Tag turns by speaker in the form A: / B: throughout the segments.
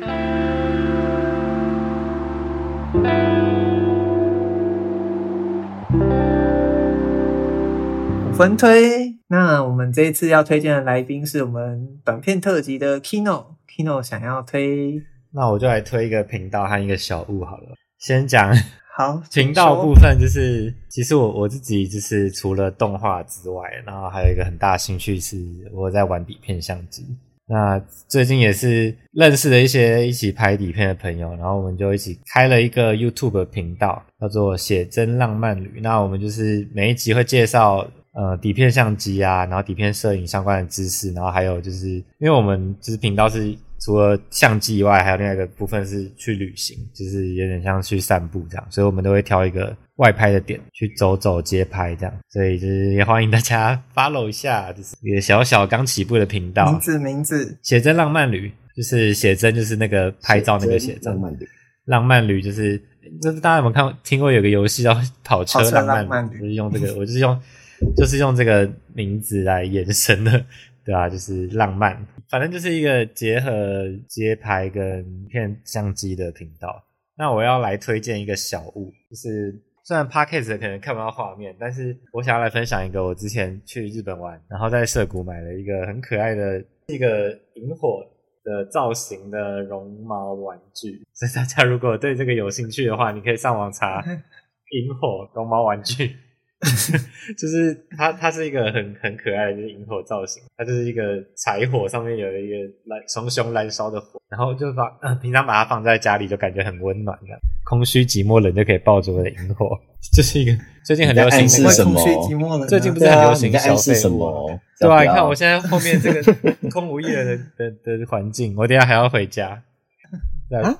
A: 五分推，那我們這一次要推薦的來賓是我們短片特輯的 Kino，Kino 想要推，
B: 那我就來推一個頻道和一個小物好了。先講好頻道部分，就是其實我我自己就是除了動畫之外，然後還有一個很大的興趣是我在玩底片相機。那最近也是認識了一些一起拍底片的朋友，然後我們就一起開了一個 YouTube 頻道，叫做“寫真浪漫旅”。那我們就是每一集會介紹，呃，底片相機啊，然後底片攝影相關的知識，然後還有就是，因為我們就是頻道是。除了相機以外，還有另外一個部分是去旅行，就是有點像去散步這樣，所以我們都會挑一個外拍的點去走走街拍這樣，所以就是也歡迎大家 follow 一下，就是你的小小剛起步的頻道名字，名字，名字寫真浪漫旅，就是寫真就是那個拍照那個寫真，浪漫旅就是，就是大家有沒有看聽過有個遊戲叫跑車浪漫旅，浪漫旅我是用這個， 我就是用，就是用這個名字來延伸的。對啊，就是浪漫，反正就是一個結合街拍跟片相機的頻道。那我要來推薦一個小物，就是雖然 Podcast 可能看不到畫面，但是我想要來分享一個我之前去日本玩，然後在澀谷買了一個很可愛的一個營火的造型的絨毛玩具。所以大家如果對這個有興趣的話，你可以上網查營火絨毛玩具。 就是它，它是一個很很可愛的，就是營火造型。它就是一個柴火上面有一個燃熊熊燃燒的火，然後就把、呃、平常把它放在家裡，就感覺很溫暖感。空虛寂寞冷就可以抱着我的營火，這、就是一個最近很流行是什麼？空虛寂寞啊、最近不是很流行小廢物？對啊，你掉啊看我現在後面這個空無一人的 的環境，我等一下還要回家。啊？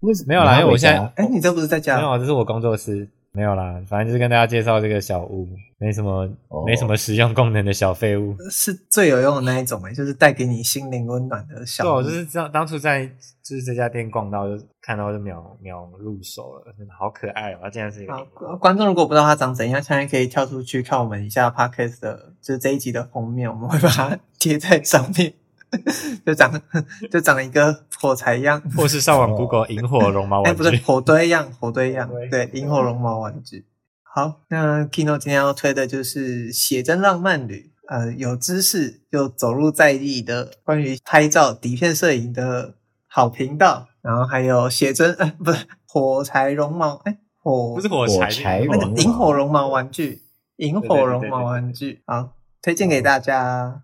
B: 為什麼？沒有啦，因為我現在哎、欸，你這不是在家？嗎？沒有、啊，這是我工作室。沒有啦，反正就是跟大家介紹這個小物，沒什麼、oh, 沒什麼實用功能的小廢物，
A: 是最有用的那一種哎，就是帶給你心靈溫暖的小物。對，我就是知道當初在就
B: 是這家店逛到，就看到就秒秒入手了，真的好可愛哦、喔，它竟然是一個。好，
A: 觀眾如果不知道它長怎樣，現在可以跳出去看我們一下 podcast 的，就是這一集的封面，我們會把它貼在上面。 就長就長一個火柴樣，或是上網 Google 營火絨毛玩具。哎、 欸，不是火堆樣，火堆樣，對，營火絨毛玩具。好，那 Kino 今天要推的就是寫真浪漫旅，呃，有知識又走入在地的關於拍照底片攝影的好頻道，然後還有寫真，呃，不是火柴絨毛，哎，火不是火柴那個營火絨毛玩具，營火絨毛玩具，好，推薦給大家。